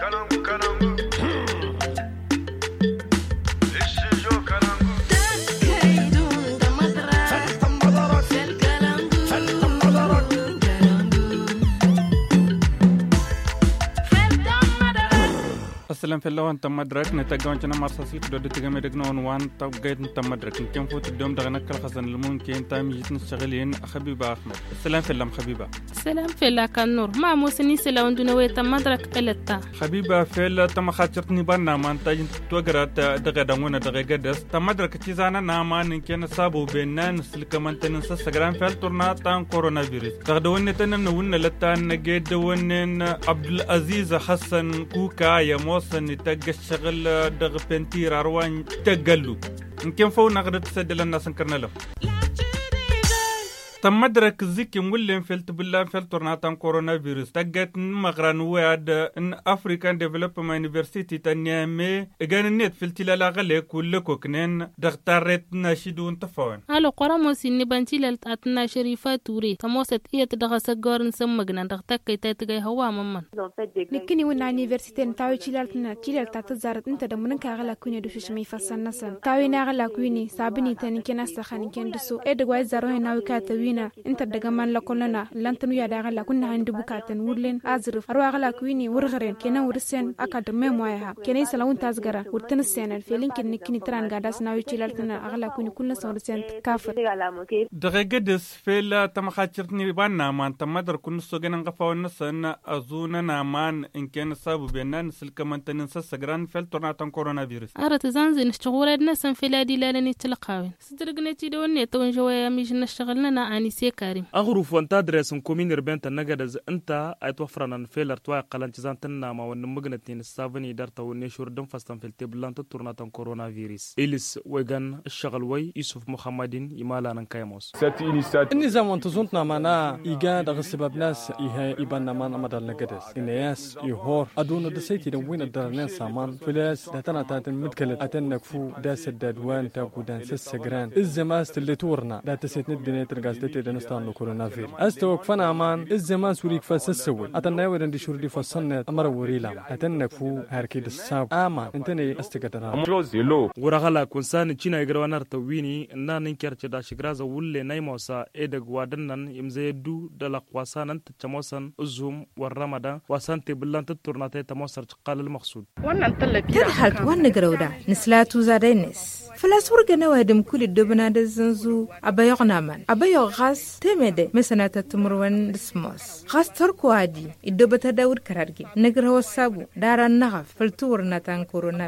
Canam, canam. asalan fella wan tamma drak ne tagga wanchana marsa silk do dit gamme degno on wan tab gayt tamma drak kem fut dom daga nakal khasan al mumkin tam yitn shagalin khabiba ahmed asalan fella khabiba asalan fella kan nur ma musni sala wanduna we tamma drak elta khabiba fella tam khatirtni banna man tajin togarat daga dangona daga gadas tamma drak ci zana na man ken sabu benan silka man tan sa sagran fel turna tan coronavirus daga wonne tan na wonna latta na gedda wonnen abdul aziz hassan kuka ya mos سني تاج الشغل دغ بنتير أروان تجلو يمكن فو نغرد تسدل الناس نكرنا له tam madrak zikim wullin filti bullan filtur na tan coronavirus taggat magran wad in african development university tan yame gan net filti la lagale kulle koknen daktaret na shidun tafawan alo qoramo sinni bantilal atna sharifa ture tamosat iyat daga sagarn sam magnan daktak kai ta tigai hawa mamman nikini wana university tawi chilal tna chilal ta tazarat inta da munin ka gala kunya dushu shmi fasan nasan tawi na gala kuni sabini tan kina sakhan ken dusu edgwai zaro na wika tawi wina inta daga man la kolona lantanu ya daga la kunna handu bukatan wurlen azrif arwa gala kuini wurgaren kenan wursen aka dirme moya ha kenai salawun tasgara wurtan senan felin kin nikini tran gadas na yuci laltana agala kuni kullu sawrsen kafir daga gadis fela tam khachirni banna man tamadar kun so ganan gafa wannan sanna azuna na man in ken sabu benan silkamantanin sassagran fel tornatan coronavirus arat zanzin ishghulad nasan fela dilalan tilqawin sidrgnati dawne tawin jawaya mish سي كريم أغرف وانت أدرس كومين ربنت النجدز أنت ان فيلر توي قلن تزان تنا ما ون مغنتين سافني السافني درتا ونشور دم فستن في التبلان تطرنا تن كورونا فيروس إليس ويغان الشغل وي يوسف محمد يمالا نكايموس النظام وانتزونتنا مانا إيغان سبب ناس إيها إبان نمان أمدال نجدز إنياس يهور أدون دسيتي دوين الدرنان سامان فيلس داتنا تاتن مدكلت أتنك فو داس الدادوان تاكو دان سسجران الزماس اللي تورنا داتسيت ندنيت الغاز سوريا دنستان لو كورونا فيل استوك فنا مان از الزمان سوريك فسسول اتنا ودن دي شوردي فسنة امر وريلا اتنك فو هركي دساب اما انتني استقدنا ورغلا كنسان جينا يغروانار تويني نانين كيرتي دا شغرازا ناي موسا ايدغ وادنن يمزيدو دلا قواسان انت تتموسن ازهم والرمضان وسانتي بلان تتورناتي تموسر قال المقصود تضحك غرودا نسلاتو زادينس فلاس ورغنا وادم كل دبنا دزنزو ابا يغنامن ابا يغ khas temede mesanata tumurwan dismos khas torkwadi iddo bata dawud kararge nagra wasabu daran nagaf faltur natan corona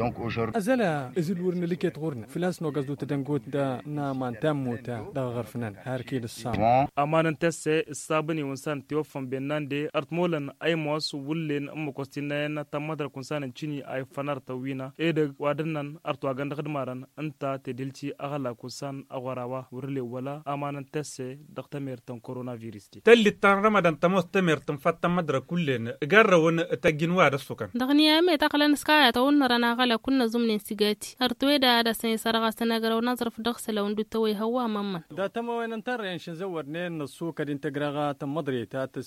donc aujourd'hui azala izil wurna liket gurna filas no gazdu tadangot da na man tamuta da gharfnan harki lissam amanan tasse sabani wansan tiofan benande artmolan aymos wullen amma kostinayna tamadar kunsan chini ay fanarta wina edeg wadannan artu aganda khadmaran anta tedilci agala kusan agwarawa wurle wala amanan tesse dokta mertan coronavirus ti talli tan ramadan tamos ta mertan fatta madra kullen garra won tagin wada sukan dagni ame taqlan skaya ta won rana gala kunna zumnin sigati har tuweda da sai sarga sanagara won zarf dakhsala won dutta way hawa mamman da tamo wenan tar yan shin zawar ne na suka din tagraga ta madri ta ta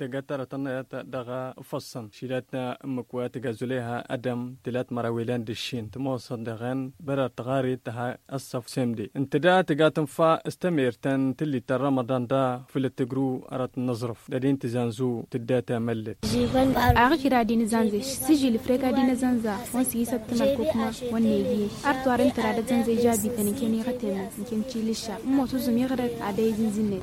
tagatara tan daga fassan shidatna makwat gazuleha adam tilat marawilan dishin tamo sadagan bara tagari ta asaf semdi intada tagatan fa istam ميرتن تلي تر رمضان دا فيل تجرو أرد نظرف دادين تزانزو تداتا ملت أغشي را دين زانزيش سجي الفريقة دين زانزا وان سيسا تمركوكنا وان نيجي أرتو أرين ترادة زانزي جابي تاني كيني غتينا نكين تشيلشا مو توزم يغرق عداي زنزيني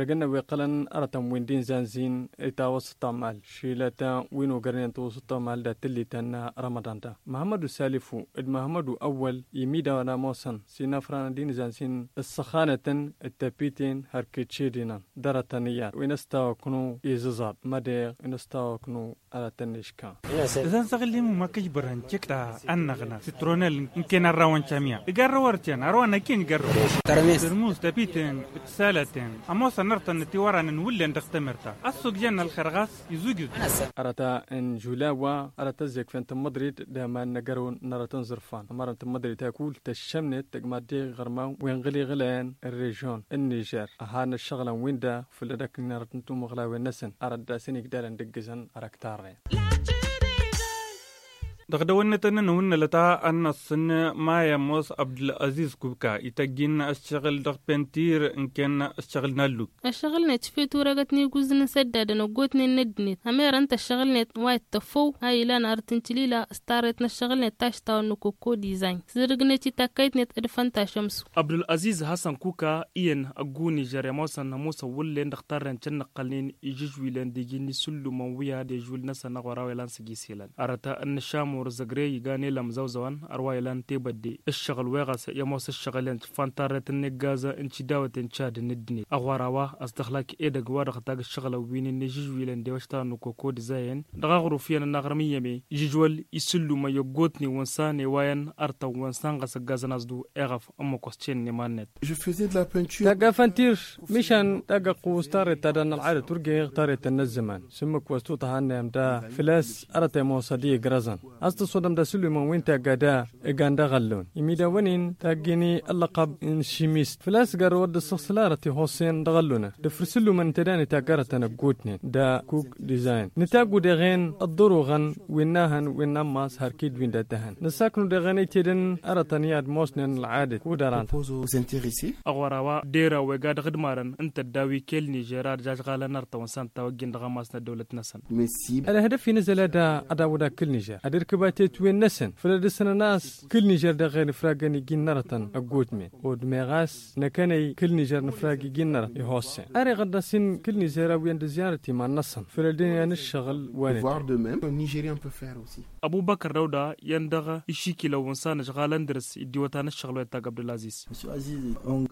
رجعنا وقلن أرتم ويندين زانزين إتا وسطا مال شيلتا وينو قرنين توسطا مال دا تلي تانا رمضان دا محمد سالفو إد محمد أول يميدا ونا موسن سينا فران دين زانزين السخانة التابيتين هركي هركتشي دارة دارتانيا وينستاو كنو إززاب مدير وينستاو كنو على تنشكا إذا سغلي ما برهن تكتا أنغنا سترونل نكينا روان شاميا إقرر روارتين أروانا كين قرر ترميس ترموس تابيتين سالتين أموسن تنرتن تيوارن نولا دختمرتا السوق جانا الخرغاس يزوجو أرتا إن جولاوا أرتا زيك فانت مدريد دائما نقرون نرتن زرفان مرة مدريد تاكل تشمنت تجمع دي غرما وين غلي غلان الريجون النيجر أهان الشغلة وين دا فلدك نرتن توم غلاوي نسن ارتا سينيك دالا ندقزن اراك تاري تقدر وين تنا نون لتا أن السن ما يموس عبد العزيز كوبكا يتجين أشتغل دخ بنتير إن كان أشتغل نالو أشتغل نت في تورا قتني جوز نسدد دن وجوت ندني هم يرنت أشتغل نت وايد تفو هاي لان أرتن تليلا استارت نشتغل نت تاش تاو نكوكو ديزاين زرق نت تكيد نت إرفان تاشمس عبد العزيز حسن كوكا إين أجوني جري موسى ناموسا ولين دختار رن تنا قلين يجوي لين ديجيني سلو مويا ديجول نسا نغراوي لان سجيسيلان أرتا أن شامو نور زغري يغاني لم زوزوان أرواي لان تيبدي الشغل ويغس يموس الشغل انت فانتارت النقازة انت داوة انشاد ندني أغواروا أصدخلك إيدك وارغ تاق الشغل وبين النجيجوي لان ديوشتا نوكوكو ديزاين دغاغرو فيان النغرمية مي جيجوال يسلو ما يقوتني وانساني واين أرتا وانسان غس غازناز دو إغف أمو كوستين نمانت تاقا فانتير ميشان تاقا قوستاري تادان العادة ترقي اغتاري تنزمان سمك وستو تهاني امدا فلاس أرتا موصدي غرازان أصد صدام دا سلو من وين تاقادا إقاندا غلون إميدا ونين تاقيني اللقب إن شميست فلاس قار ود الصخصلارة حسين دا غلونا دا فرسلو من تداني تاقارة تنبقوتنين دا كوك ديزاين نتاقو دا غين الضروغن ويناهن وينام ماس هاركيد وين دا دهن نساكنو دا غني تيدن أرطانياد موسنين العادة وداران أغوراوا ديرا ويقاد غدمارن انت الداوي كيل نيجيرار جاج غالا نرطا ونسان تاوقين دا غماسنا دولة نسان الهدف في نزل دا أداو دا كل نيجير أدير كباتي توين نسن فلدسنا ناس كل نيجر دغير فراغني جنرتن أقوتمي ود ميغاس نكني كل نيجر نفراغي جنر يهوسي أري غدا سن كل نيجر وين زيارتي مع نسن فلدين الشغل وين أبو بكر رودا يندغ يشيكي لو إنسان اندرس درس إديوتان الشغل وين تاق عبد العزيز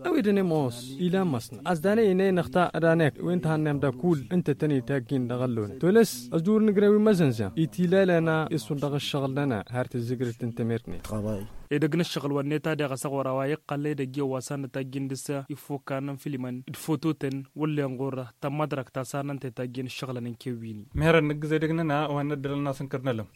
أويدني موس إلى مسن أزداني إني نختا رانيك وين تهنم دا كول أنت تاني تاكين دغلون تولس أزدور نقراوي مزنزا إتيلا لنا دغش الشغل دنا هارت الزجر تنتمرني طبعاً إذا الشغل ونيتا دا غسق وراواي قلي دا جيو واسان تاجين دسا يفو كان فيلمان الفوتوتن واللي انغورة تم مدرك تاسانا تاجين الشغل ننكيويني مهرا نقزي دقننا وانا دلنا سنكرنا لهم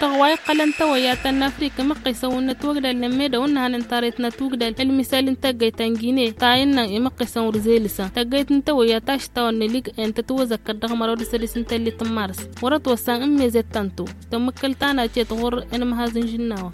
dawai qalanta wayatan afrika maqisa wuna tugdal nemeda wunahan intarit na tugdal el misal inta gaitan gine tayin nan ima qisan urzelisa tagait inta wayatash tawanne lig enta tuwaza kaddag marod selis inta lit mars warat wasan imme zetantu tamakal tana chet ghur enma hazin jinnawa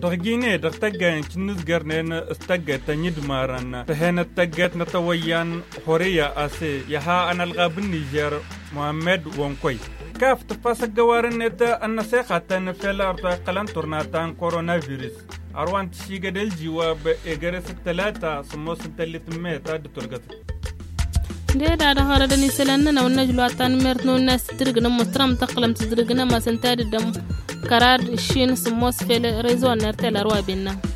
تغجيني دغتقين كنز قرنين استقت تنيد مارن تهين استقت نتويان حورية أسي يها أنا الغاب النيجر محمد وانكوي كافت فاسق قوارن نتا النسيقة تنفي الأرض قلن تورناتان كورونا فيروس أروان تشيغ دل جواب إجرس التلاتة سموس التلت ميتا دتولغت ديدا دا هذا دني سلنا نونا جلواتان ميرتنو الناس تدرقنا مسترام تقلم تدرقنا ما سنتاد الدم كرار شين سموس في ريزوان نرتل أروا